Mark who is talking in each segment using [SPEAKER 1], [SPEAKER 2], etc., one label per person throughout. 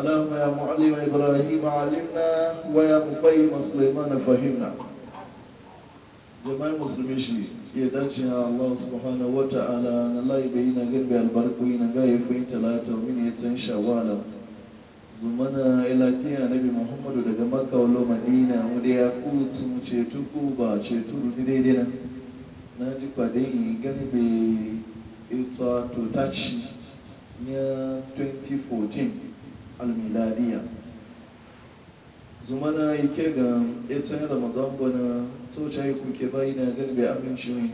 [SPEAKER 1] اللهم يا معلم إبراهيم علمنا ويا مقيم سليمان فهمنا جماعة المسلمين شيء يدرجها الله سبحانه وتعالى أن الله يبين قلبي البركوين غاية فين ثلاثة ومن يتن شوالا zumana ilakiya nabi muhammadu daga maka walo madina wadda ya kutu ceto ko ba ceto rufi daidai na na ji kwadin gani bai ita to tachi ya 2014 almiladiya zumana yake ga etin ramadan bana tsoce ku ke bayi na garbe aminci ne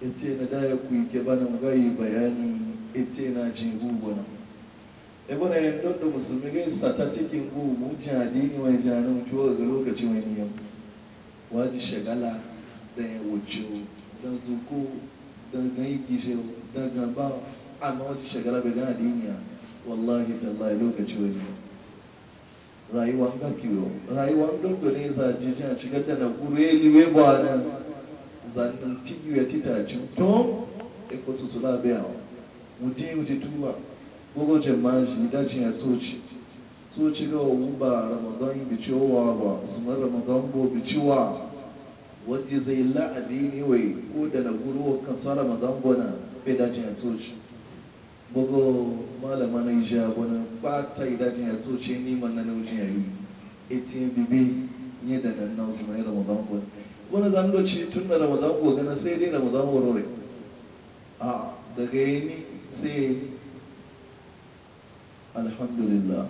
[SPEAKER 1] ete na daya ku ke bana gayi bayanin 'yace na jingu bana ebona yin don da musulmi gaisa ta cikin gugu jadini mai janin tuwa ga lokacin wani yau waji shagala da ya wuce da zuku da gaigishe da gaba amma waji shagala bai gana diniya wallahi tallahi lokaci wani rayuwan ga kiwo rayuwan dondo ne za ji ji a shigar da na kure eh, liwe ba na zanen tiyu ya titaci to iko su sula biya mutu yi mutu tuwa gogo jamaji dajin ya tsoci tsoci ga mu ba ramadan bicewa ba su ma ramadan bo ciwa wadda zai la'adi ne wai ko da na guruwa kan sa ramadan bona bai dajin ya tsoci gogo malama na ija wani ba ta yi dajin ya ni neman na naujin ya yi etin bibi ne da nan na wasu mai ramadan ko wani zandoci tun da ramadan ko gana sai dai ramadan warware a daga yi ni sai yi alhamdulillah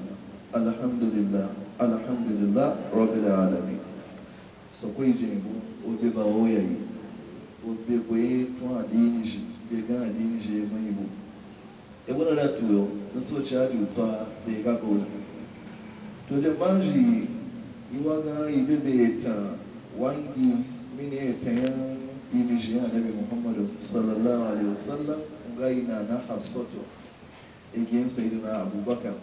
[SPEAKER 1] alhamdulillah alhamdulillah rabbil alamin so ko yi jinbu o be ba o yayi o be ko yi tun adini shi be ga adini shi mai bu ebona da tuyo na tsoci hadi uta da ya gaga wani to da maji iwa ga ibe bai ta wangi mini ya ta yan ibi shi ya nabi muhammadu sallallahu alaihi wasallam ga ina na hafsoto egin sayidina abubakar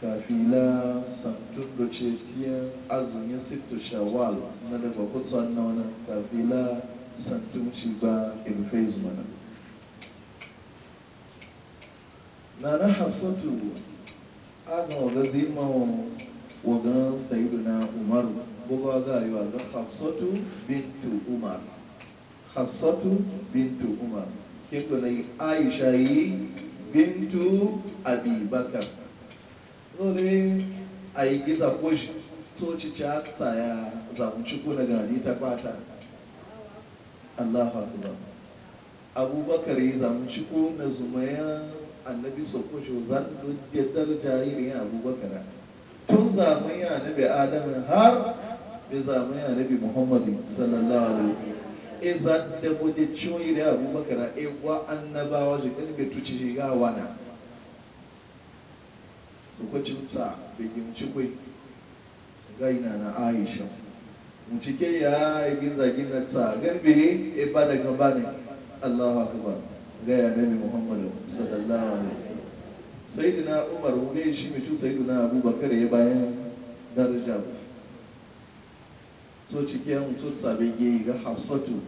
[SPEAKER 1] kafila santun da ce tiyan azumin sifto shawal na da daga kutsuwan na wani kafila santun shi ba ilfaizu mana na na hafsatu aga waga zai wa ga sayidu na umaru buga za a yi ga hafsatu bintu umar hafsatu bintu umar kinko na yi aisha yi bintu abibakar zole a yi giza kwashi soci ta tsaya zamuci kuna gani ta kwata allahu akbar abubakar yi zamuci na zumaya annabi su kushe zandu da daraja irin abubakar tun zamani annabi adam har da zamani annabi Muhammadu sallallahu alaihi wasu e za da gode ciwoyi da abubakar e wa annabawa shi kalbe tuci shi ga wana su kwacin sa bigin cikwai gaina na aisha mucike ya yi gizaginarsa garbe e ba daga bane allahu akbar gaya annabi muhammadu sallallahu alaihi wasallam sayyidina umar wuri shi mai sayyidina abubakar ya bayan daraja so cikin so sabe ge ga hafsatu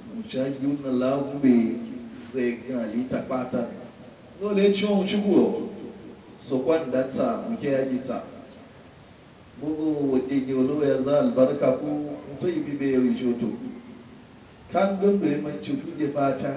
[SPEAKER 1] yunna lahu be sai ga lita kwata dole ci won shigo so kwan ta muke yaji ta bugu wadde ke wani ya za albarka ko mutum yi bibe ya yi shoto kan gundu mai manci tuge fata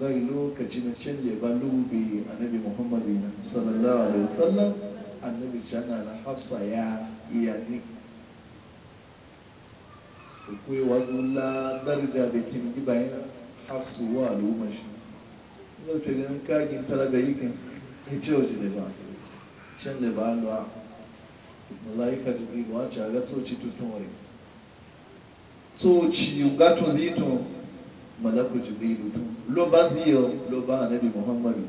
[SPEAKER 1] zai lokaci na canje ba lubi annabi muhammadu na sallallahu alaihi wasallam annabi jana na hafsa ya iya ni su kuwa wazula darja da kin gibayen hafsu wa al'umma shi zai ce ganin kagin talaga yakin ya ce wace da ba can da ba alwa malaika ba wace a ga tsoci tutun wari tsoci gatun zitun malaku jibril tun. ló bá sí o ló bá muhammadu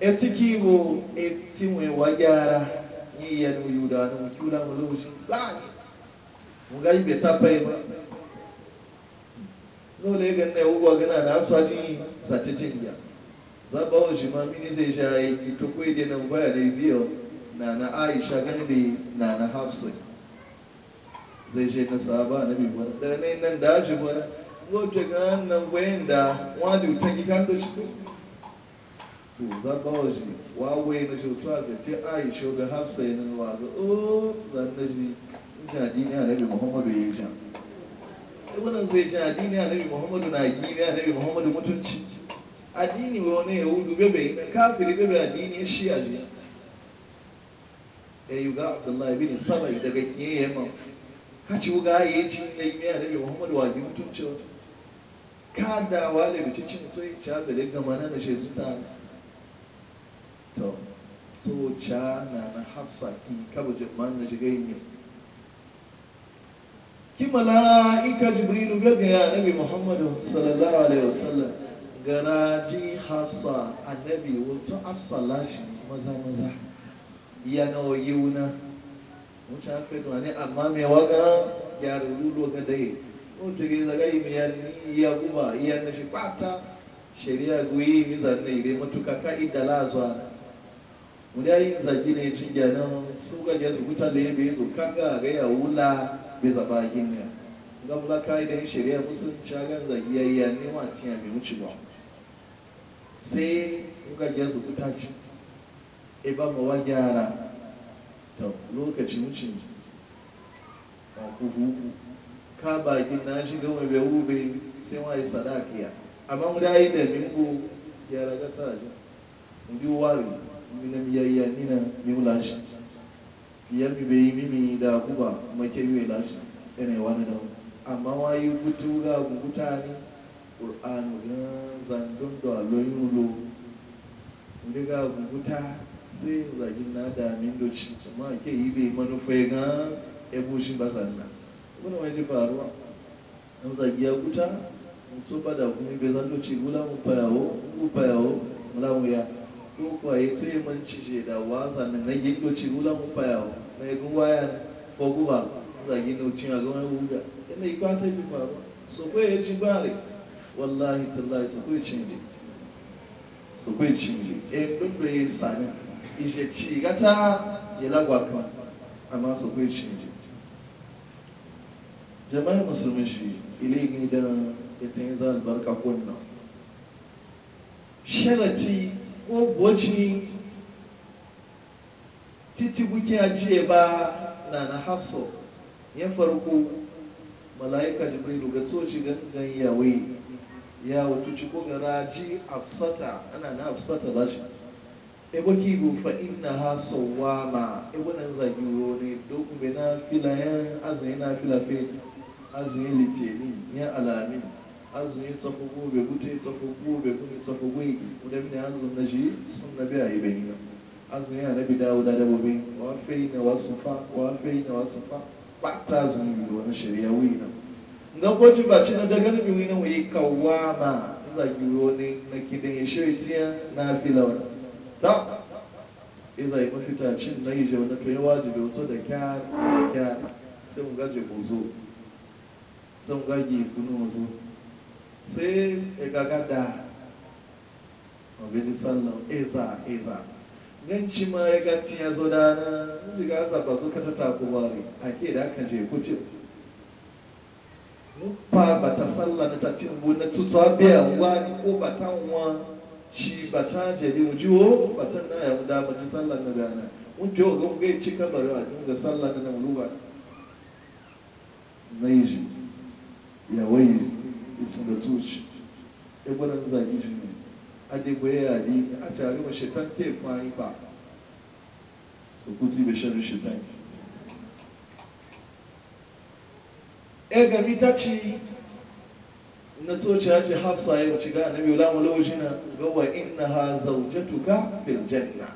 [SPEAKER 1] etí kí wo etí wọn wá yára ní ìyẹnu yorùbá ní wọn kí wọn láwọn lówó sí láàyè wọn gáyé bẹ̀tà báyìí mọ́ lóòlù ẹgbẹ́ náà owó ọ̀gá náà náà sọ mini zai baya ziyo na na aisha gani na na zai goje ga nan bayan da wani ta gikan da shi to za ba wa shi wawaye na shautuwa ga ce aisha ga hafsa yi nan wa ga o zan da shi jadi ne annabi muhammadu ya yi sha wannan zai sha addini annabi muhammadu na gini annabi muhammadu mutunci addini wani yahudu bebe kafiri bebe addini shi a jiya e, ya yi ga abdullahi bin sabai daga kiyaye ma kaci wuga ya ci na yi mai annabi muhammadu wa gini mutunci wata kada wale bichichi mutoi cha belega mana na shesu ta to so cha na na hafsa ki kabo je man na shiga yin ki malaika jibrilu ga ya nabi muhammadu sallallahu alaihi wasallam ji hafsa annabi wato afsala maza maza ya na wayuna wuce haka ne amma mai waga ya rulu ga dai mutugiza gaibi ya guba iya na shi fata shari'a guyi mi zanne dai matuka ka'ida lazwa wani yayin zagi ne cin gyanan su gaje su huta da ya bai zo kanga ga ya wula bai zaba ginya gam la ka'idan shari'a musulunci ya yi ya nema tiya mai wuce ba sai gaje su huta ci mu wa ku ka bakin na shi gama bai wube sai wa yi sadakiya amma mu da yi da mimbo ya raga ta mu bi wari minam yayya nina yula shi fiyar mi bai mimi da kuba make yi lashi yana wani da amma yi gutu ga guguta ne ƙur'anu ga zandun da ulo lo ga guguta sai zagin na damin doci amma ke yi bai manufa ga ebushin shi ba zanna wani wani faruwa an zagiya guta so ba da kuma bai zan ce gula mu fayawo mu fayawo mula mu ya ko kuwa ya tsaye man shi da waza na na yi doce gula mu fayawo na yi gun waya ko guba zagi na wucin a gama wuda yana yi yi bi faruwa so ko ya ji bare wallahi tallahi so ko ya cinje so ko ya cinje e eh, duk da ya sani ije ci gata ya lagwa kan amma so ko ya cinje jama'in musulmi shi ilimi da ita yi za albarka kunna sharati ko boci titi a ce ba na na hafso ya farko mala'ika jibrilu ga tsoci gangan yawai ya wato ci ko garaji afsata ana na afsata za shi ebo ki bu fa inna ha sawama ebo nan zagi wuri dokume na filayen azumi na filafin azuyi litinin ya alamin azuyi tsoko gobe gute tsoko gobe Kuma tsoko gwigi wadda mini azun na shi sun na biya yi bayi azuyi a nabi dawo da dabobi wa fai na wasu fa wa fai na wasu fa ba ta azuyi biyu wani shari'a wuyi nan nga kwaji ba ci na daga nabi wuyi nan wuyi kawama yi wani na kidan ya shirya na fila wani ta iza yi mafita cin na yi jaunatu ya wajibi wato da kyar kyar sai mu gaje ku songa zo sai ya da obin sallam eza eza nan ci ma ya gati ya zo da na jiga ba su kata takubari a ke da aka je kuce nufa ba ta sallar ta cin bu na tutuwa wa wani ko ba ta nwa shi ba ta jeli o ba ta na ya da ba ci sallar na gana wunce wa gungai ci kabarwa a dinga sallar na muluba na yi yawai isu da zuci ya gwanan zagi shi ne a dagwaye yari a tare wa shetan ke kwari ba su kuti da shan shetan e gami ta ci na tsoci hajji hafsa ya ci ga annabi ulamu laujina ga wa inna ha ka fil janna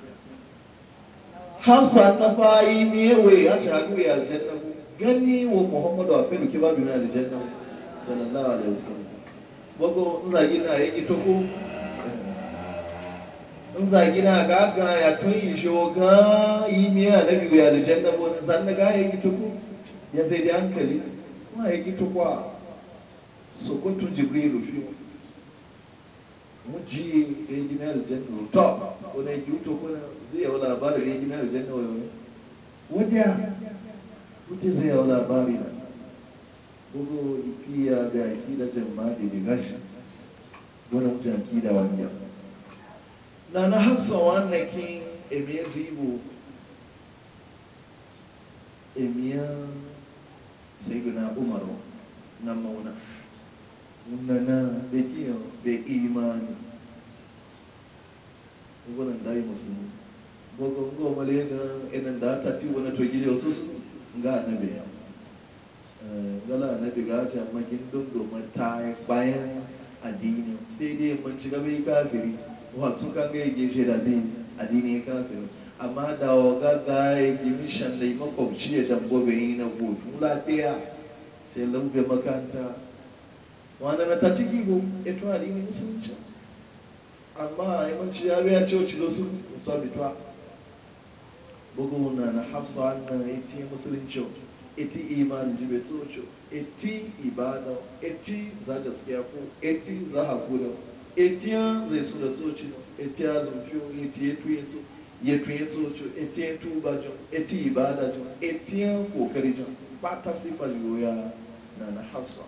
[SPEAKER 1] hafsa ta fayi ne wai ya ci hagu ya aljanna gani wa muhammadu a fi duki babu na aljanna sallallahu alaihi wasallam bogo nzagi na yegi toko nzagi na ga ga ya tun yi ga yi miya da biyu ya aljanna bo san da ga yegi toko ya sai da hankali ma yegi toko a sokoto jibrilu fi muji da yegi na aljanna to ko ne ju to ko zai yawa labarin yegi na aljanna yau ne wadiya mutum zai yawa labari na bugu ifiya da akida jamadi da gashi wani wuce akida wanda na na hasa wannan kin eme zibo emiya sai guna umaru na mauna nana da kiyo da imani gunan dai musulmi gogon goma lega inan da ta ci wani to gidi wato su ga annabi yau gala na makin don domin ta bayan addini sai dai mun ci gaba kafiri wasu kan ga yake shi da bin addini kafiri amma da waga ga ya gimi shan da makwabci ya dambo bai yi na hutu lafiya sai lambe makanta wanda na ta ciki ko ito addini musulunci amma yawanci ya biya ce wacce su musa bituwa bugu na na hafsa na ya ce musulunci eti iman jibe tsoci eti ibada eti za gaskiya ko eti za kuda eti ya zai su da tsoci eti ya zunfi eti ya tuye to ya tuye tsoci eti ya tuba jan eti ibada jan eti ya kokari jan ba ta sifa yoya na na hafsa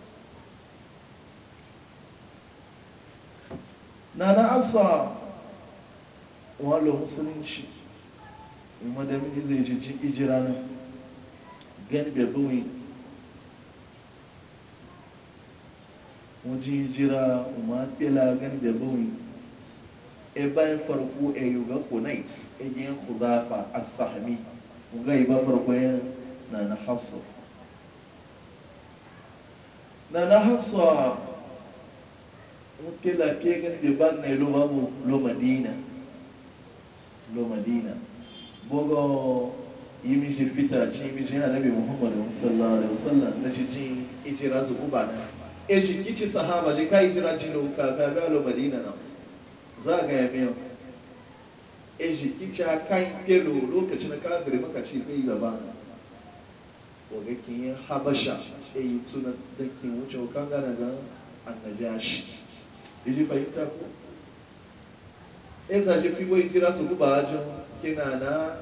[SPEAKER 1] na na hafsa lo musulunci madamin zai ji ijira nan gelbe buwi wajen jira umar bela gelbe buwi e bayan farko e yuga kunait e yin kudafa a sahami ga iba farko yin na na hafsu na na hafsu a mutila fiye gelbe ban na ilo babu lo madina lo madina bogo yi mishi fita ci mishi annabi muhammadu sallallahu alaihi wasallam na shi cin itira su kuba e shi kici sahaba je ka itira ci da wuka ka ga lo madina na za ga ya miyo e shi kici kan kelo lokacin na kafiri maka shi kai gaba na ga kin yi habasha ya yi tuna da kin wuce kan gana ga ya ji fahimta ko e zaje je fi wai itira su kuba ajin kina na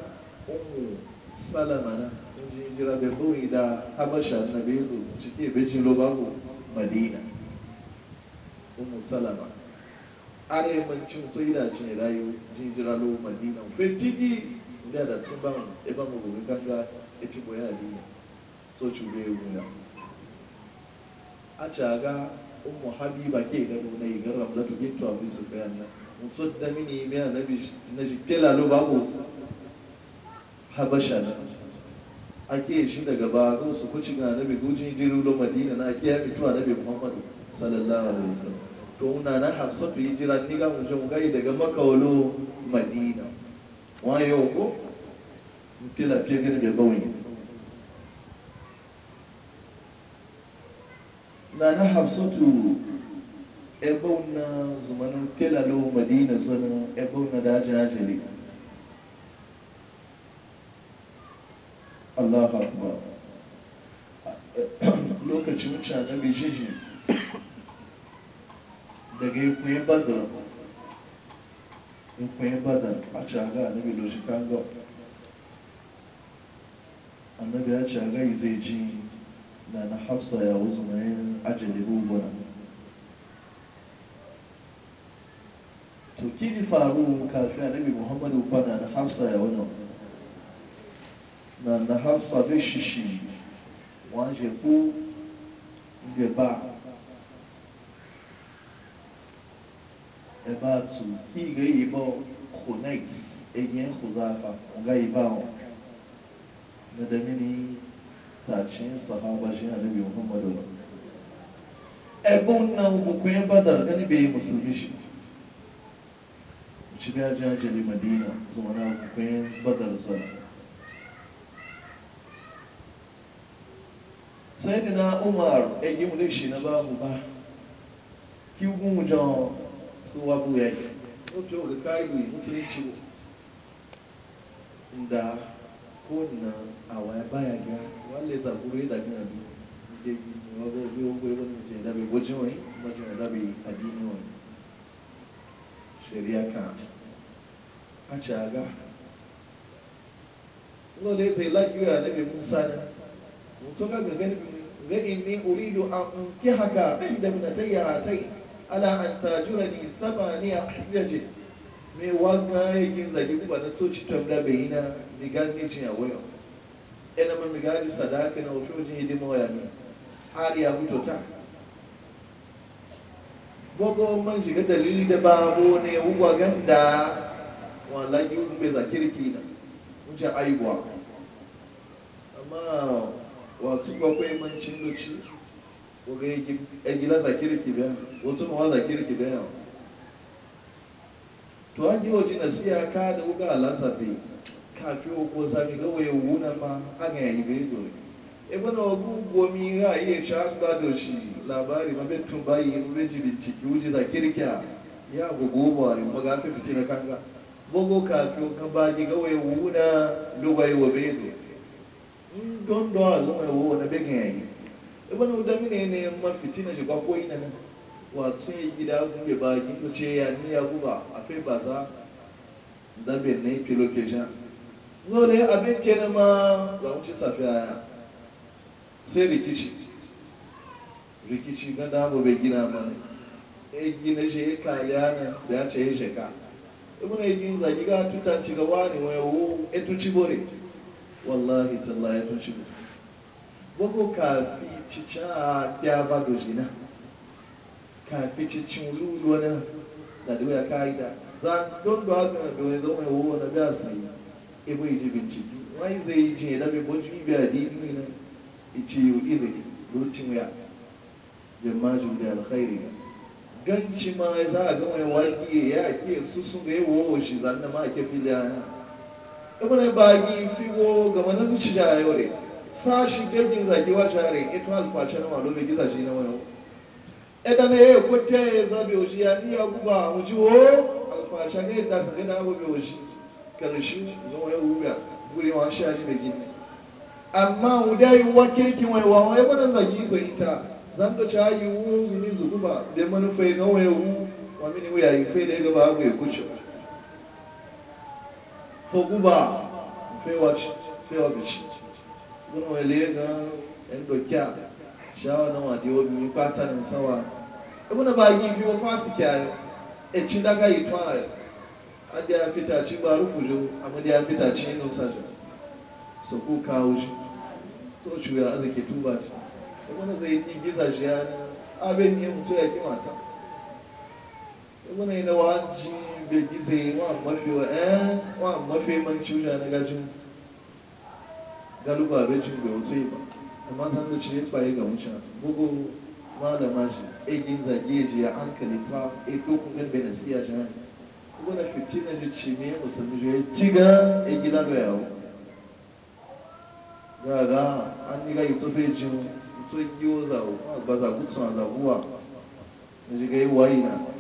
[SPEAKER 1] umu salama ah. na ji jira da kawai da habasha na bezu cike bejin lobago madina umu salama arewacin tsoyi da cin rayu jin jira lo madina fetigi da da sun ban ebe magobi kanga ya ci boye adini so ci be wuya a caga umu habiba ke gado na igar ramlatu gintu abu su bayan na. musu da mini bayan na jikela lo bago habasha na ake shi daga bago su kuci ga nabi gujin jiru lo madina na ake yami tuwa nabi muhammadu sallallahu alaihi wasallam to na na hafsa fi jira ni ga mun jin gai daga makawalo madina wayo ko mutila pegin bai bauyi na na hafsa tu ebon na zumanin tilalo madina zuwa ebon na dajin ajiyar Allah akbar lokacin wuce na bijiji daga ikwenye badar ikwenye badar a caga annabi ka ga annabi ya caga yi zai ji na na hafsa ya wuzu mai ajiyar gugura to kini faru kafin anabi muhammadu kwana na hafsa ya wuzu na na hafsa be shishi wọn ṣe kú ìgbẹ̀bá ẹ̀bá tù kí ìgbé yìí bọ̀ konex ẹ̀yìn kùzáfà ọ̀gá yìí bá wọn nadami ni tàṣí sàhábà ṣe ànábì muhammadu ẹ̀gbọ́n náà gbogbo yẹn bá dàrú ẹni bẹ́ẹ̀ mùsùlùmí ṣe ṣe bí ajá jẹ́ lè madina tí wọ́n náà gbogbo yẹn dar dàrú sọ̀rọ̀ sai na umar egi mu shi na babu ba ki gun jan su wa bu yayi o o ga kai ni musulunci Nda ko na awaya baya ga walle za ku reda na bi de ni wa go bi o ko yo ni se da be gojo ni ba je da be adini wa sheria ka a ci aga lole zai lagiyo ya nabi musa náà. ga a وصلنا قال إني أريد أن أنكحك إحدى ابنتي هاتين على أن تاجرني ثمانية حجج mai waka yakin zage kuma na tsoci tamla bai na migan nishin a wayo ina ma migari sadaka na wafi wajen hidima waya ne har ya mutu ta gogo man shiga dalili da babu ne wuwa ganda wallahi yi za kirki na wuce aibuwa amma wasu kwakwai mancin luci oge egila zakiri kibiya wasu kirki da kibiya to an giwa waje na siya ka da wuga alasafi kafi ko sami gawaye wuna ma an yayi bai zo ebe e na wabu gomi ra iya sha ba da shi labari ma bai tun bayi in bai ji binciki wuce zakiri kya ya ga fi magafi na kanga bogo kafi kan gawa ya wuna dogaye wa bai zo don da al'umma yau wani ya begin yayi ibn udami ne ne mafiti na shiga ko ina nan wa sun yi gida gube ba gindo ce ya ni ya guba a fai ba za zabe ne ke location dole abin kenan ma za mu ci safiya ya sai rikici rikici na damu bai gina mana ya gina shi ya na, da ya ce ya sheka ibn ya gina zagi ga tutanci gaba ne wa yawo ya tuci bore wallahi tallahi sun shigo gbogbo kafi cica ya ba dozina kafi cicin lulu wani da doya ka'ida za don da haka doya zo mai wuwa na biya sai ibu iji bincike wani zai yi jin idan mai bojin biya dini na ici yau izini lokacin ya jamajin da alkhairi ganci ma za a ga mai waki ya ke su ga yi wuwa shi zanna ma ake fili ana ibn bagi figo ga manan ci da ne sa shi gajin zagi wa share ito alfashe na malo mai gizashi na wayo eda ne ya yi zabe oji ya ni ya guba wuce wo alfashe ne da sage gina abu mai oji karshe zo ya ruga gure wa shari da gini amma yi wa kirki wai wa wani manan zagi so ita zan da chayi wu zuni zuguba da manufai wani wayo wa mini wuya yi fai da ya gaba abu ya kuce Toguba fewa bishi gudun wale ga yan shawa na wadi obi mi kwata na musawa ibu na bagi fi wa fasi kyayo e cin daga adi ya fita ci ba rufu jo amma ya fita ci ino sajo so ku kawo shi so cuya ya azi shi ibu na zai yi giza jiana Abe abin mtu ya kimata ibu na yi na bai gize wa mafi wa ɗaya eh, wa mafi manci wuja na gajin galuba rajin bai wuce ba amma san da ce baye ga wuce bugu malama shi egin zage ji ya hankali fa e dokunan bai nasiya shi hannu kuma na fitina shi ce me musulmi shi ya tiga e gida bai yawo gaga an yi ga ito fai jin ito giwo zawo ba za kutsu a zaguwa ji shiga yi wayi na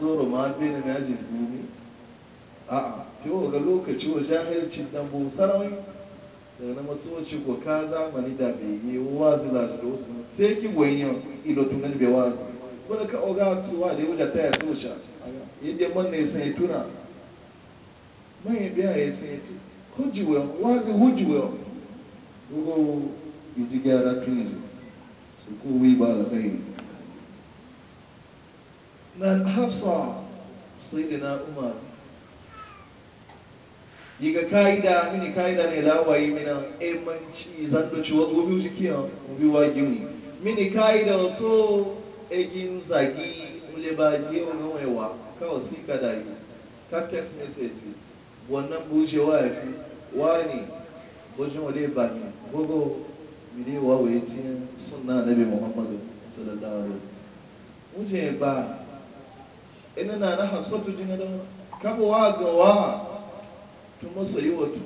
[SPEAKER 1] zoro ma bai da yajin duni a'a yau ga lokaci wa jahilci dan bu sarawin daga na matsoci ko ka zamani da bai yi wa da shi da wasu sai ki goyi yau ido tunan bai wazi kuma ka oga tsuwa da yi da ta ya soca yadda man ne sai tuna man ya biya ya sai tu kuji wa wazi huji wa gogo yi ji gyara tuni su ko ba da tsaye na hafsa sai da na umar yi ka'ida mini ka'ida ne lawayi mina emanci eh, zan da ciwo gobe jikiya gobe wa gini mini ka'ida wato egin zagi mule ba je wani waiwa kawai sai ka da yi ka text message wannan buje wa ya fi wani wajen wale ba ni gogo mini wawaye tiyan sunna nabi muhammadu sallallahu alaihi wasallam muje ba ina na na hafsatu jina da kama wa ga wa tun masu yi wato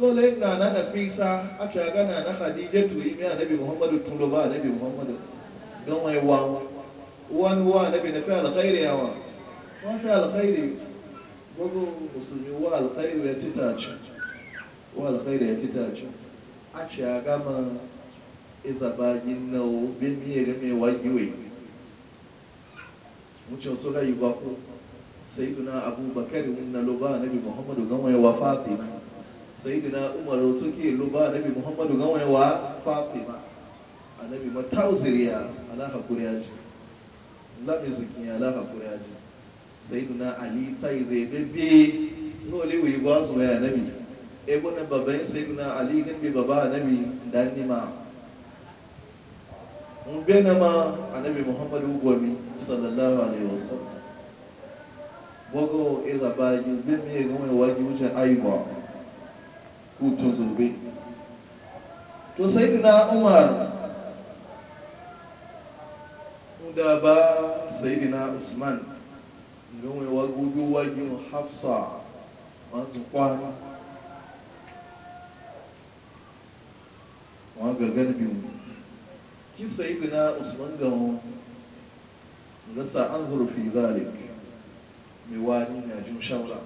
[SPEAKER 1] lola na na fisa a ce na na khadija tu yi miya nabi muhammadu tun da ba nabi muhammadu don wai wa wani wa nabi na fi alkhairi yawa wa fi alkhairi gogo musulmi wa alkhairi ya tita ce wa alkhairi ya tita ce a ce gama izabagin na obin iya game wagiwe mucho tsoga yi bako sayyiduna abubakar na loba nabi muhammadu gama wa fatima sayyiduna umar ke loba nabi muhammadu gama wa fatima annabi ma tausiriya ala hakuri ya ji labi zuki ala hakuri ya ji sayyiduna ali tai zai bebe nole wi ba su nabi. annabi ebo na sai duna ali gan bi baba annabi dan ni ma mu bena ma annabi muhammadu gwami sallallahu alaihi wasallam bogo ila e baji bin me ga mai waji wuce aiwa hutun zobe. to sai na umar da ba sai na usman ga mai wagudu waji hafsa masu kwana wa ga biyu kisa yi bina usman gawon rasa an zurfi zalik mai wani na jin shawara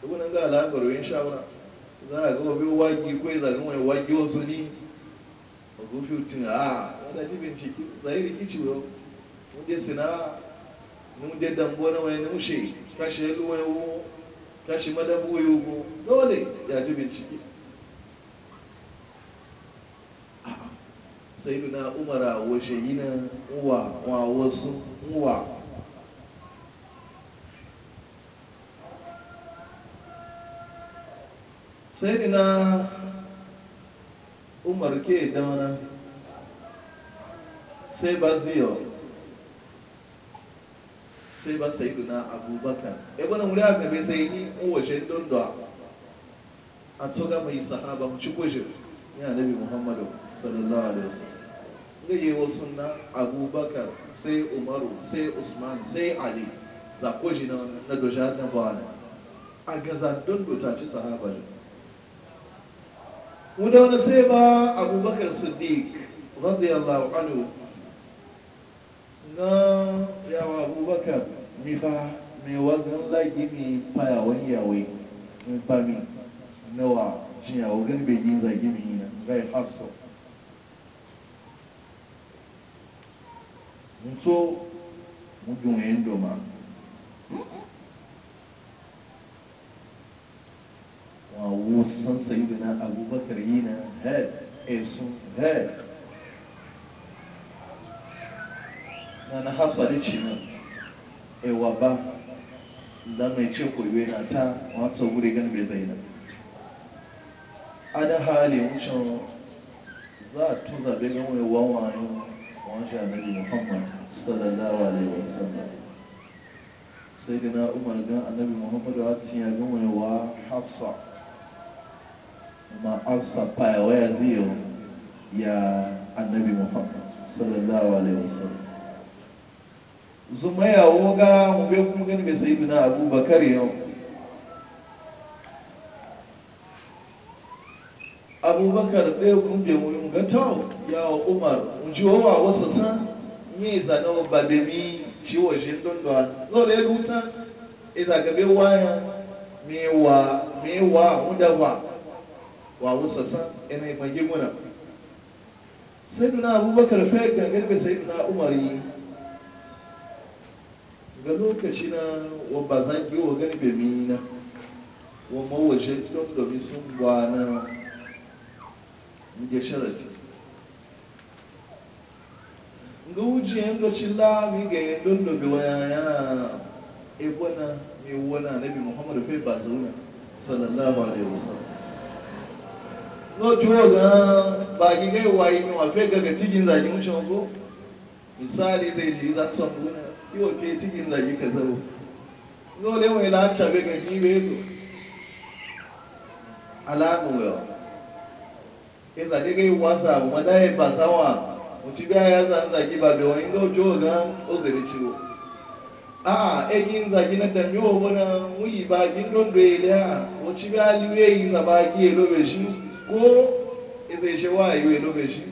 [SPEAKER 1] duk nan ga al'adar yin shawara za a gaba biyu wagi kai zagin wani wagi wasu ni a gufi utun a wadda ji binciki zai rikici yau wanda sina nunde dambo na wani nushe kashi yalu wani wo kashi madabu yogo dole ya ji binciki sayiduna umara waje yina uwa wa wasu uwa sayiduna umar ke damana sai ba ziyo sai ba sayiduna abubakar ebola eh, wuri a gabe sai ni waje dondowa a tsoga mai sahaba mu ci gujir ya nabi muhammadu sallallahu alaihi wasallam zai wasu na abubakar sai umaru sai usman sai ali za ko jina na doja na bane a gaza don dota ci sahabar wuda wani sai ba abubakar siddiq radiyallahu anhu na yawa abubakar mi fa mai wajen lagi mi fayawan yawai mi ba mi nawa jiya wajen bai yi zagi yi na gai hafsa nso mudumendo ma wa wusan sayidina abubakar yana head Esu? head na na hafsa da cinan E ba da mai ce koyo na ta wata wuri gani bai zai nan ada hali halin wucin za a tuza bai gan wani wawanin shi annabi muhammad sallallahu alaihi wasallam sai da na umar gan annabi muhammad a cinya gan mai wa hafsa ma hafsa faya waya ziyo ya annabi muhammad sallallahu alaihi wasallam zuma ya woga mu bai kuma gani mai sayi abubakar yau abubakar ɗaya kuma bai gato ya umar ujiwowa wasu san yi zanen babemi ciwo shi dundun zola ya ruta iza gabe waya mewa mewa hudawa wa wasu san yana yi fage muna sai duna abubakar fayar gangar bai sai duna umar yi ga lokaci na wabba zan yi wa gani bemi na wa mawajen dundun sun gwana muke sharati ga wujiyan da cilla mi ga yin dundubi waya ya e ebona mai wana nabi muhammad fai ba zauna sallallahu alaihi wasallam no tuwo ga ba ki gai wayi ne wa fai gaga tigin zagi mushin ko misali zai ji za su na kiwo ke cikin zagi ka zaro no le wai la chabe ga ni beto alamu yawa ke zade ga yi wasa wada ya fasa wa mutu biya ya zan zagi ba bai wani ga ojo ga ozari ciwo a egin zagi na da miyo wani wuyi ba gindon da ya liya mutu biya liwe yi na ba gi ya lobe shi ko eze shi wa yi ya lobe shi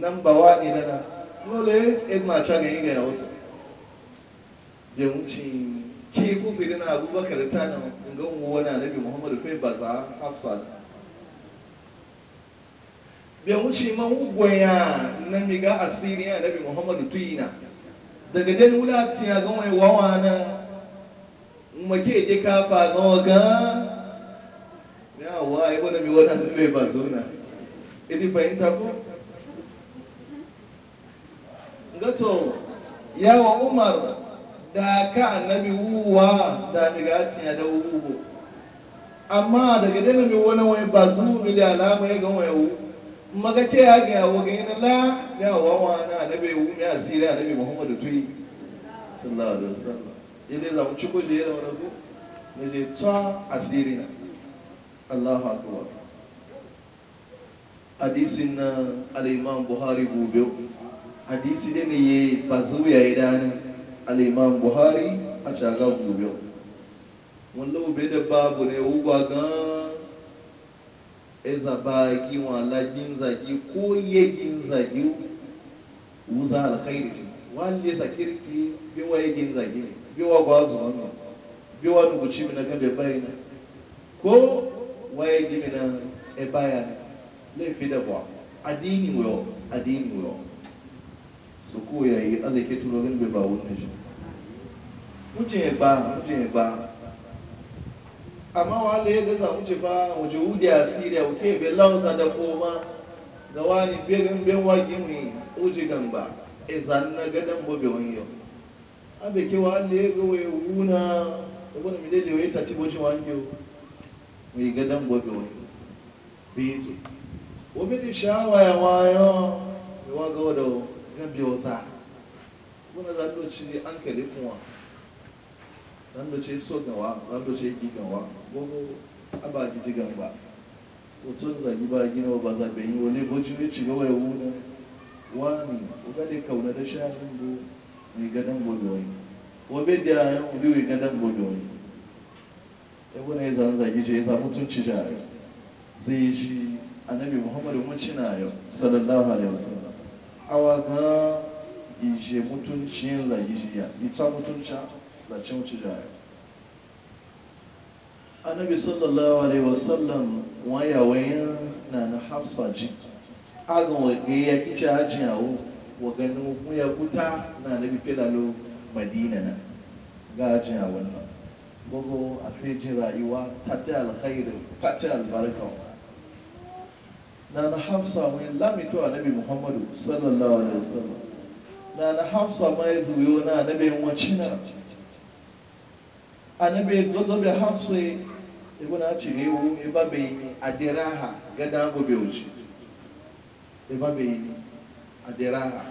[SPEAKER 1] nan ba wa ni dana lole egma cha ga yi ga ya wato da wuce ke kusa na abubakar ta nan ga wani alabi muhammadu fai ba za a hafsa bai wuce man gwaya na miga asiri ya nabi muhammadu tuyina daga den wulati ya ga wai wawa na make je kafa ga waga ya wa ai wani mi wannan mai ba zona idi fahimta ko gato yawa umar da ka annabi wuwa da miga tiya da wuwo amma daga den mi wani wani ba zuwa mi da alama ya ga wai magake ya ga waga yana la ya wawa na annabi wu mai asiri annabi muhammadu tuyi sallallahu alaihi wasallam ile za mu ci ko je da wani ko ne je tsa asiri na Allahu akbar hadisin na al-imam buhari gobe hadisi ne ne bazu ya yi dani al-imam buhari a shaga gobe wanda bai da babu ne ugwa gan eza bagi wa lagin zagi ko yegin zagi wuza alkhairi wale sa kirki biwa yegin zagi ne biwa gwazo wannan biwa nuguci mina kan bai bayyana ko waye gimina e bayana laifi da ba adini wuyo adini wuyo su ko yayi azake tuno gan bai ba wannan shi mutum ya ba mutum ya ba amma wanda ya gaza wuce ba waje wudi a siriya wuke bai lausa da koma ga wani began ben wagi mai wuce ba e zan na gadon bobe wani yau an da kewa wanda ya ga wai wuna da wani mile da wai taci boce wani yau mai gadon bobe wani bai zo wabi da shawa ya wayo da waga wadda gabe wasa wani zan doci an kalifin wani wanda ce gawa wanda ce gawa gogo aba giji gamba wato zagi ba gina ba za bai yi wani boji ne ci gawa ya wuna wani uga da kauna da shahin bu mai gadon godoyi bai da yayan ubi mai gadon godoyi ya gona ya zan zagi ce ya samu tunci jari zai shi annabi muhammadu na yau sallallahu alaihi wasallam awa ga ishe mutuncin zagi jiya ya ita mutuncin zancen wuce jaya annabi sallallahu alaihi wasallam wayawayen na na hafsa ji agan wage ya kice hajji yawo wa ganin ya kuta na bi filalo madina na ga hajji yawon nan gogo a fejin rayuwa tati alkhairu tati albarka na na hafsa wani lamito annabi muhammadu sallallahu alaihi wasallam na na hafsa mai zuwiyo na annabi yawancin na anabe dodo be hatswe ibuna ci rewu ibabe ni adiraha gada go be uji ibabe ni adiraha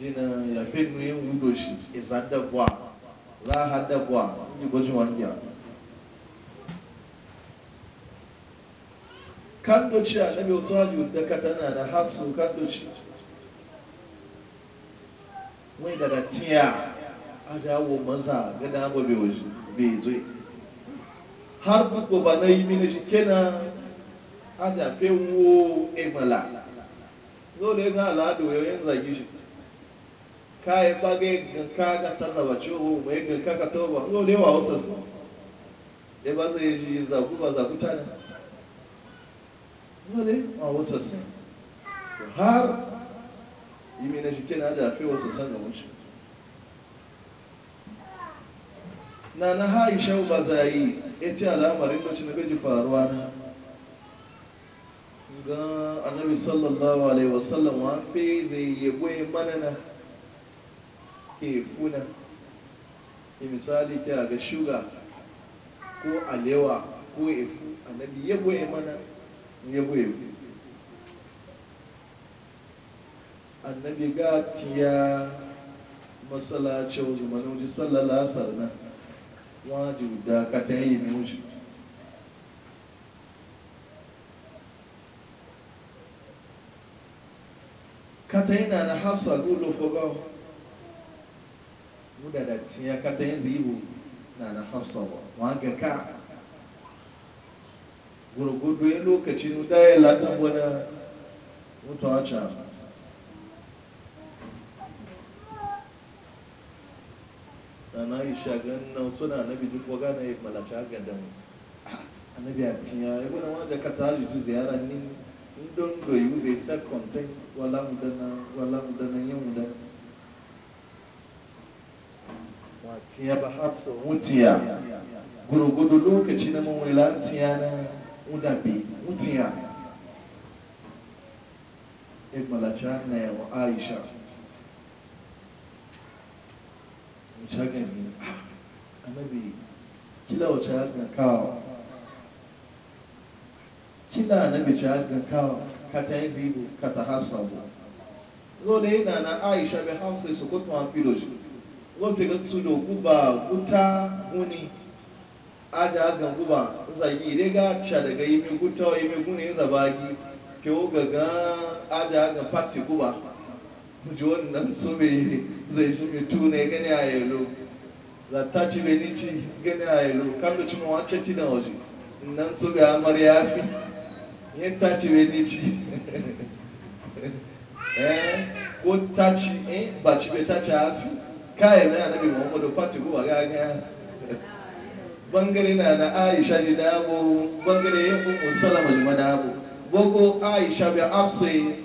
[SPEAKER 1] jina ya fenu yin wudo shi izadda bwa la hadda bwa ni goji wanja kan doci anabe wato aliyu da katana na hafsu kan doci wai da tiya a wo maza ga da ba bai waje bai zo har ko ba na yi mini shi kenan aja fe wo e mala dole ga al'adu yayin zagi shi kai ba ga ganka ga tarraba ciwo mai ganka ka toba dole wa wasa su e ba zai ji zagu ba zagu e ta ne dole wa wasa su har yi mini shi kenan aja fe wasa san ga mutum na na haisha ba za yi ya ce al'amarin mace na gaji faruwa na ga annabi sallallahu alaihi wasallam wa fi zai yabo na ke funa ke misali ke ga shuga ko alewa ko efu annabi yabo mana yabo yabo annabi ga tiya masalacin jimanin ji sallallahu alaihi wasallam واجب داكتين وجب kataina na haswa gulo fogao muda da tiya katayin zibu na na haswa wanga ka gurgudu ya lokacin da ya ladan wani mutuwa can na aisha ganna to na annabi duk waga na yi malaci haka da mu annabi a tiya ya gwada ma da kata ju ziyara ni don doyi bai sa konten wala mu dana wala mu dana yin mu dana watiya ba hafsa mutiya gurugudu lokaci na mawila tiya na udabi mutiya ibn malaci na yawa aisha shagan ne annabi kila wace kawo kila na bice harkar kawo ka ta yi biyu ka ta hasa bu zoda yana na aisha bai hausa su kutu a filoji zoda ga su da guba guta guni a da guba zagi rega ca daga yi mai guta wa yi mai guni zabagi ke a da hagan fati guba ji wannan su bai zai su mai tu ne gani a yalo zata ci bai ni ci gani a yalo kan da ci mawa ce na waje nan su bai amar ya fi yin ta ci bai ni ci eh, ko ta ci eh ba ci bai ta ci a fi kayan na annabi muhammadu ba guba gagaya bangare na na aisha da dabo bangare yin umu salama da dabo boko aisha bi afsai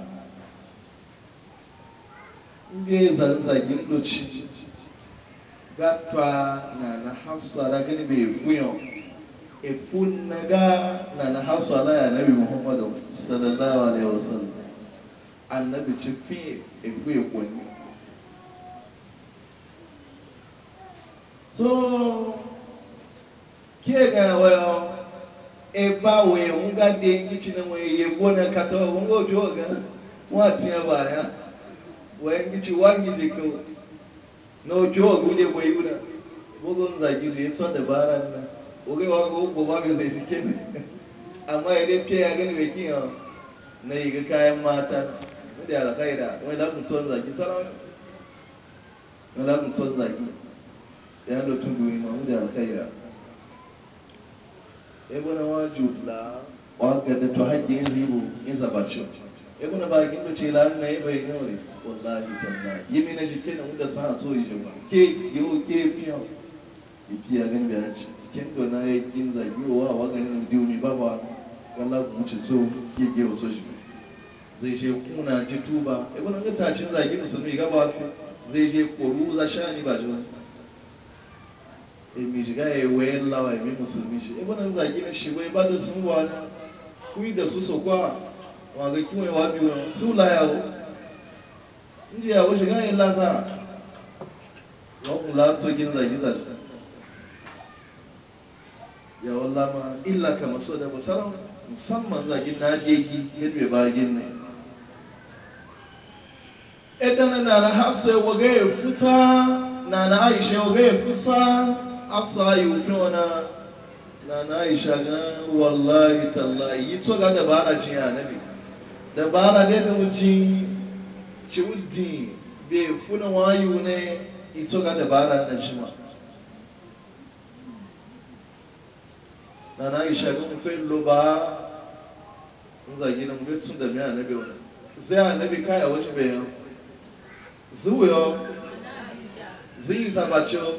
[SPEAKER 1] inda zagin doci gata na na hafsara gani bai kuyo efun na ga na na hafsara ya nabi muhammadu sallallahu alaihi wasallam annabi ci fi efu ekoni so ke ga wayo eba we nga de ngichi na we yebo na kata wa ngo joga wa tiya baya wayangici wangije kawo na oke wa kwa bai yuna bugun zagi su yi tsohon baran na oge wa ga hukwa ba ga zai shike ne amma ya dai ya gani mai kiyan na yi ga kayan mata wadda ya lakai da wani lafin tsohon zagi sarawar wani lafin tsohon zagi ya ya lotun guri ma wadda ya lakai da ebe na wajula wa ga da to haƙƙi zibo in yin zabacin kuna ba ki da ce lan ne bai gauri wallahi talla yimi na jike na muda sa so yi ba ke yo ke fiya yi ya gani bayan ci kin do na yi kin za yi wa ganin diumi baba kana mu ci so ke ke so shi zai je kuna ji tuba e kuna ga tacin zagi musulmi ga ba su zai je koru za shani ba jiwa e mi jiga e wella lawa e mi musulmi shi e zagi ne shi wai ba da sun wani kuyi da su so kwa Wa wàgbé kí wọ́n wá bí wọn sí wùláyàwó ń jẹ́ àwọn ṣe gáyìn lásán lọ́kùn látọ́gí zàgízàgí yawon lama illa kama so da musamman musamman zagin na degi yadda ba gini ɗana na na hafsa ya waga ya futa na na aisha ya waga ya fusa hafsa yi wufin wana na na aisha gan wallahi tallahi yi tsoga da ba na cin yanabi Da dabara ne da wuce ci wuce bai funa wayo ne ito ga dabara na shi ma na na yi shagun fain loba sun zagi na mulki sun da miya na wani sai a nabi kaya wace bayan zuwa zai yau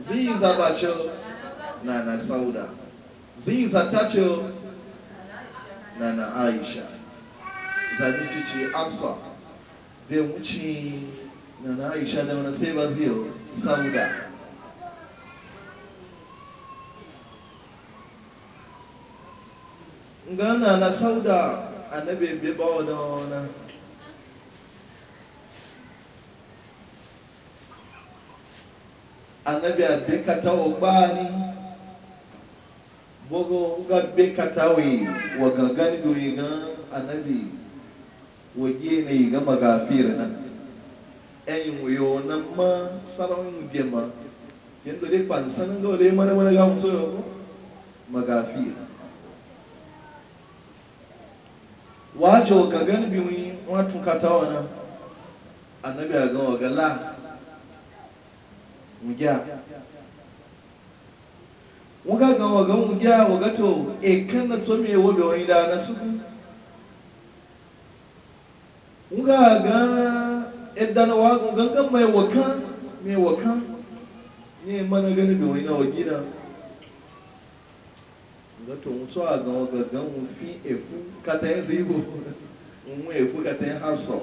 [SPEAKER 1] zai yau na na sauda zizatacho na na aisha zabici ce amsa zai wuce na na aisha da wani sai ba zai sauda gana na sauda na bai ba wa da wani annabi a duka ta ni. bogo ga be katawi wa gangan duri ga annabi waje ne ga magafir nan ayin wuyo na ma sarawin jema yadda kin dole kwansan dole mana mana ga mutu yo magafir wajo gangan biwi watun katawa nan annabi ga wa gala mu wuga ga waga wagato waga e kan na to me wo be wani da na su wuga ga edda na wa ga mai waka mai waka ne mana gani be wani na wagina ga to mutu a ga waga fi efu kata yin zibo mu efu kata yin hasso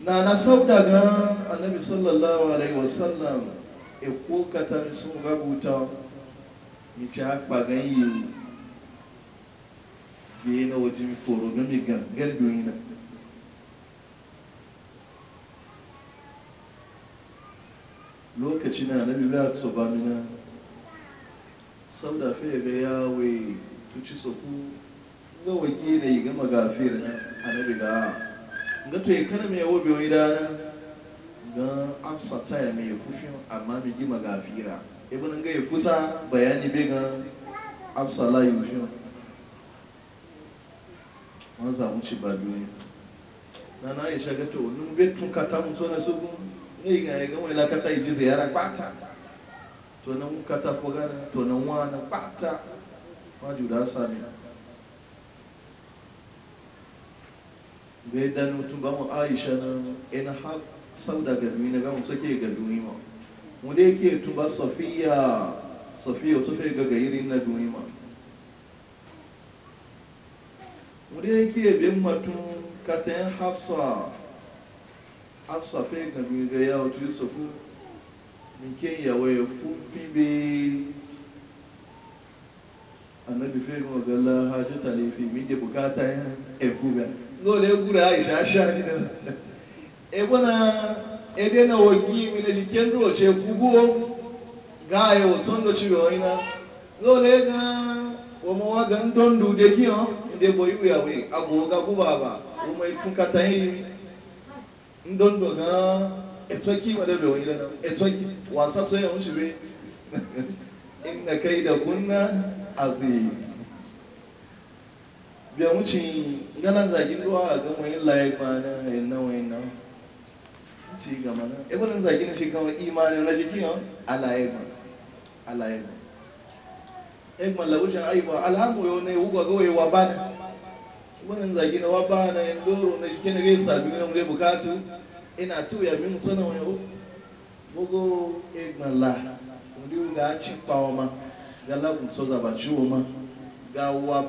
[SPEAKER 1] na na sabda ga annabi sallallahu alaihi wasallam e ko kata sun gabuta mi ci hakpa gan yi ge na waje mi koro ga mi gan garbi na lokaci na annabi ba so ba mina sauda fe ga yawe tuci so ku ga da ne ga magafir na annabi ga ga to ya kana mai wobe wai dana ga an sata ya mai fushin amma mai gima ebe ibn ga ya futa bayani bai ga an sala yushin wani zamu ci ba biyu na na isha ga to nun bai tun kata mutu na su ne ga ya ga la kata yi ji ziyara kwata to nan kata ko gana to nan na kwata ma juda sami bai dan mutum ba mu aisha nan in har sau da galmi na ga mutu ke duniya. ma mu da yake tuba safiya safiya ta fai ga gairin na duniya. ma mu da yake bin mutum katayin hafsa hafsa fai galmi ga ya wato yusufu mikin yawo ya fufi bai annabi fai ga gala hajji talifi fi ke bukata yin ekuga lole gura aisha shari da ebona ede na wagi mine jikin roce kugo ga ya wasan da ciwo ina lole ga wama wagan don dude giyo inda boyi uya bai agoga guba ba kuma ikun kata yi don doga etoki wadda bai wani lana etoki bai inna kai da kunna azim bai wuce zagin ruwa a gama yin laye kwana yin nawa ci gama shi kawai imanin na yau alaye alaye alhamu yau wa wa yin doro na na na bukatu ina tuya min la ma ciwo ma ga wa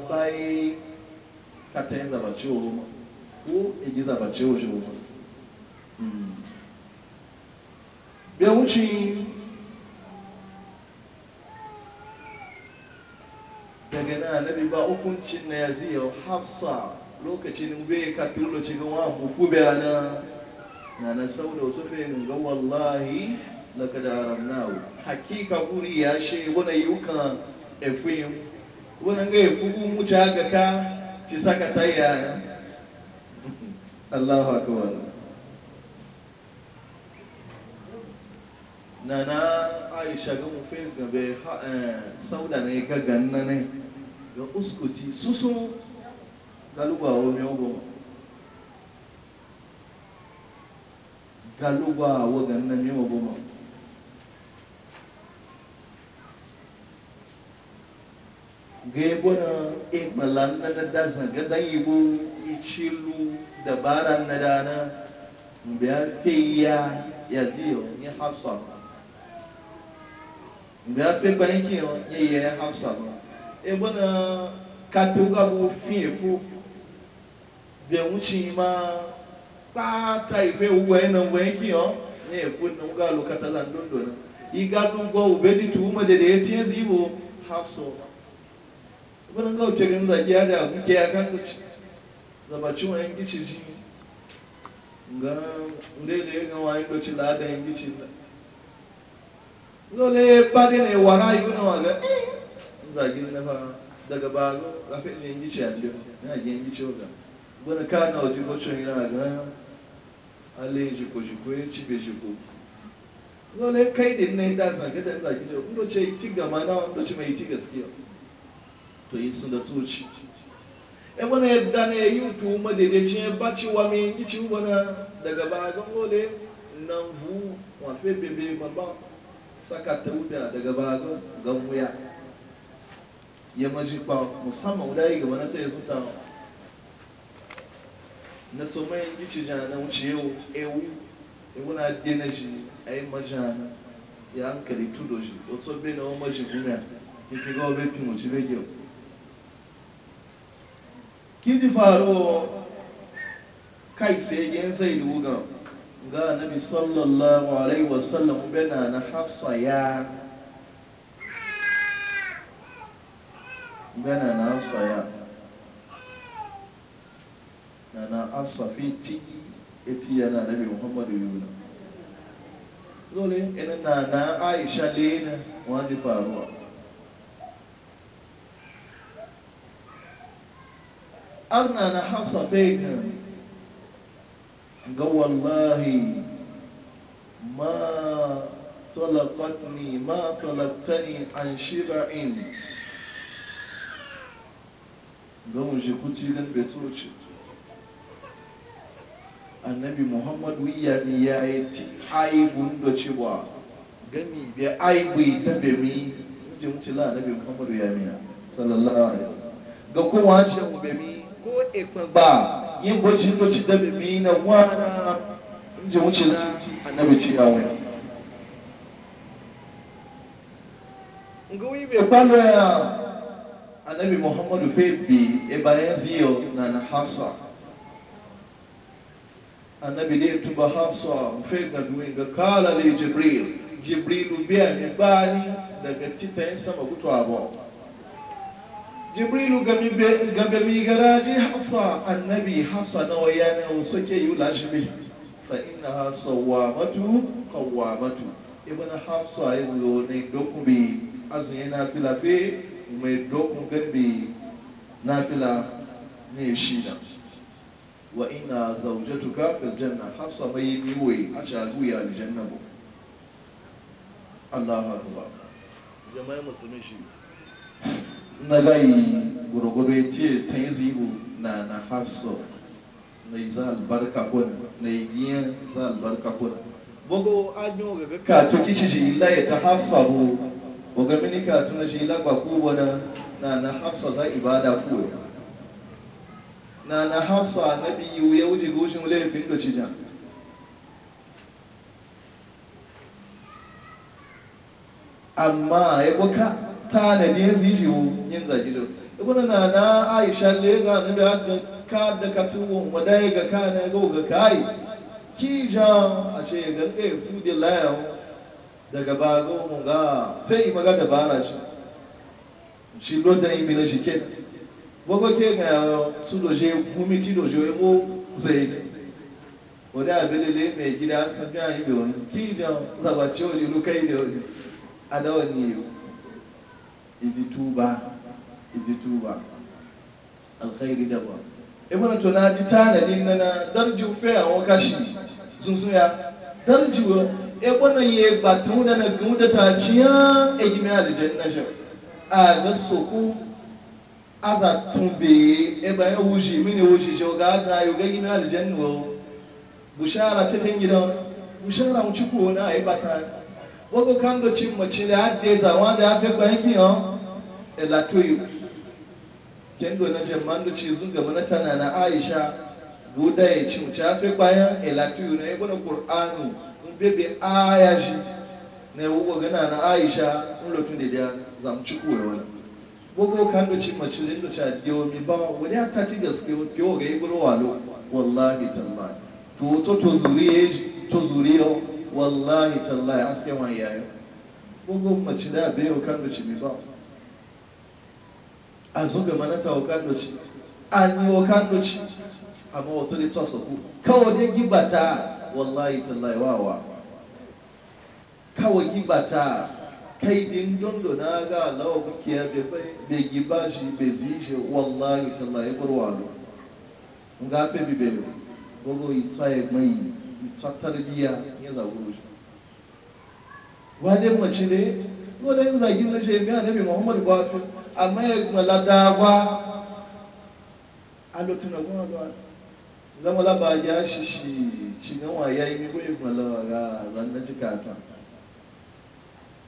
[SPEAKER 1] katenza bakyoma ku egiza bakyozoma hmm. bewuci daga na nabi ba hukuncin na yaziyar hafsa lokacin bai ka tullo cikin wa muku bayana na na sau da wato fayin ga wallahi laka da haramnawo hakika guri ya she wani yukan efin wani ga mu ci haka ka ci saka tayya eh? Allahu akbar nana Aisha ga mu fez ga be eh, sauda ne ga ganna ne ga uskuti susu galuba o mi ogo galuba o ganna mi ogo ma ga yi gwana ikmalan na da zanga dan yi bu ichilu dabaran na dana biya fiya ya ziyo ni hafsa biya fi banki ya ni ya hafsa ba e gwana katuka bu fiye fu biya wuce ma pata ife ugbo ya na banki ya ya fu na muga lokatalan dondona igadun gwa ubedi tuhuma da da ya tiye zibo hafsa 이번엔 거 되겠는다 이야기 하고 계약한 거지 나 맞추면 행기치지 nga nde da yin doci lada yin gici da zole bade ne wara yi wani waga zagin na eh. fa daga ba rafi ne yin gici a jiyo na yin gici ga. wani ka na waje gocin yana ga alle jiko jiko ya cibe jiko zole kai din yi da zage da zage jiko ndo ce ti gama na ndo ce mai ti gaskiya to yi su da tsoci e wani yadda na yi tuhuma daidaicin ya e baci wa mai yi ci wana daga ba gole nan hu wafe bebe babban saka ta wuda daga ba gan wuya ya maji kwa musamman wuda yi gaba na ta yi zuta na tsoma yin gici jana wuce yau ewu ewu na dina ji a yi majana ya hankali tudo shi bai na o maji gumiya ikiga obe bai begiyar ji faro kai sai yin sai duga ga nabi sallallahu alaihi wasallam bena na hafsa ya bena na hafsa ya na na hafsa fi ti eti yana nabi muhammadu yuna dole ina na na aisha lena wani faruwa arna na hafsa begin ga wallahi ma ما طلقتني عن an shiba'in جيكوتي لن kuci annabi muhammad wiya ni ya yi ti aibun da cewa gami bai aibu ta bemi wajen wuce la annabi muhammad wiya miya sallallahu alaihi wasallam ga kuma hancin ko ekpan ba yin bocin doci da bimi na wana inji wuce na annabi ci ya wuya nguyi be palo ya annabi muhammadu febi e bayan ziyo na na hafsa annabi dai tuba hafsa fe ga duwe ga kala li jibril jibrilu biya mi bani daga cikin sama gutuwa ba jibrilu gambe mi garaji hafsa annabi hafsa na wayanin ke yi lashibi fa ina sawamatu kawamatu ibn hafsa ya zo ne dokun bi azumi na filafe mai doku gambe na fila ne na, wa ina zaujatuka fil janna hafsa bai yi wai a shagu ya aljanna bu Allahu akbar jama'a musulmi shi na layi gwargwado ya ce ta yi zibu na na haso na yi za albarka kun na yi biya za albarka kun bugu an yi ka to kishi shi ila ya ta haso bu buga mini ka tuna shi ila ba ku wani na na haso za ibada ku na na haso na biyu ya wuce goshin laifin da cijan amma ya buka tanadi ya ziji mu yin zagido ibn na na aisha le ga na da ga ka da ka tuwo wadai ga ka na ga ga kai ki ja a ce ga ga fudi layo daga ba go mun ga sai maga da bara shi shi lo da imi na shike bogo ke ga su loje kumiti loje ebo zai ya abelele mai gida san ga yi bewon ki ja zabace oje lukai da oje a dawon ne yau iji tuba iji tuba alkhairi daban eh, ibn tunaji tanadin nana darji fe a wakashi zunzuya darji ibn eh, ye gbatu da na guda ta ciya egime eh, aljanna shi a ga soko aza tumbe eba ya wuji mini wuji shi ga ga yu ga gime aljanna wo bushara ta tangida bushara mu ci ko na ai bata wogo kando chi mochile adeza wanda ape kwa hiki yo elatoyu kendo na jemando chi zunga manatana na Aisha guda ya chi mchafe kwa ya elatoyu na yebo na Qur'anu mbebe aya shi na wogo gana na Aisha ulo tunde dia za mchukue wani wogo kando chi mochile ndo cha dio miba wani atati gaske wogo ga yebo walo wallahi tallahi to to to zuriye to zuriyo wallahi tallahi haske mai yayo gugun mace da yi kan da ci ba a zuga mana ta wakan da ci an yi wa da ci amma wato da ta saku kawai dai ta wallahi tallahi wawa kawai ta kai din dondo na ga lawa bukiya bai giba shi bai zishe wallahi tallahi kurwalo ga fe bibelo gogo itsaye mai itwa tarbiya za guru shi wadin mace ne wadda yin zagin na ce biya nabi muhammad gwafi amma ya malada gwa a lotuna gwa gwa zama laba ya shi shi cinawa ya yi migo yi malawa ga zannan jikata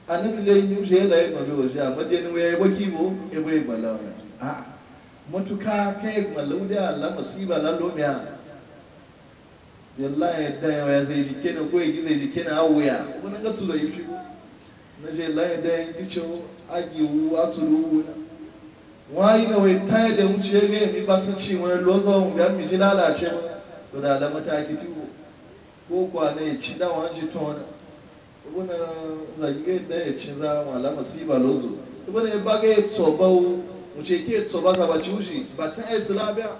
[SPEAKER 1] a nan da yi yushe ya layi mabe waje a madiyani ya baki bo ya bai malawa a matuka kai malawa da ya allah masiba lalomiya yalla ya da ya zai jike na ko ya gi zai jike na awuya wani ga tu zai fi na je yalla ya da ya gice agi wu a tsuru wu na wayi na wai taya da wuce ya ga mi ba sun ci wani lozo mu ga mi ji lalace to da da mataki ti ko kwa ne ci da wani ji to na wani zagi da ya ci za wala masiba lozo wani ya baga ya tsobau wuce ke tsoba zaba ci wuce ba ta ya silabiya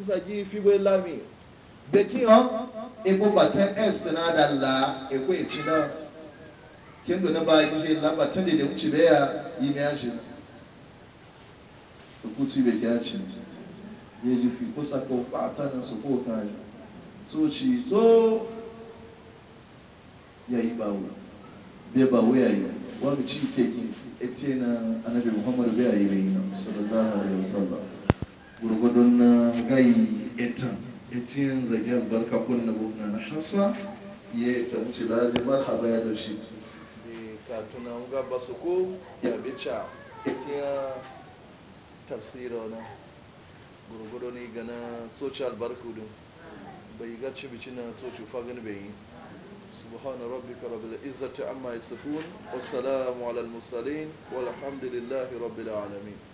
[SPEAKER 1] zagi fi bai lami bekiyon ego batan s na dalla ego e e ya ci na kin na ba yi gije labatan da wuce beya yi mai yaji na su kuci bai ya ci ya ji fi kusa ko fata na su ko kaji so ci so ya yi bawo bai bawo ya yi wa. wani ci tekin ete na anabi Muhammad be bai yi bai yi na sallallahu alaihi wasallam gurgudun na gayi etan ya ci zagen barka kunna na hafsa ya yi ta wuce lalin marhaba ya da shi katuna ga basu ko ya bica ita tafsira na gurgudu ne ga na tsoci albarkudu bai ga cibici na tsoci fagen bai yi سبحان ربك رب العزة عما يصفون والسلام على المرسلين والحمد لله رب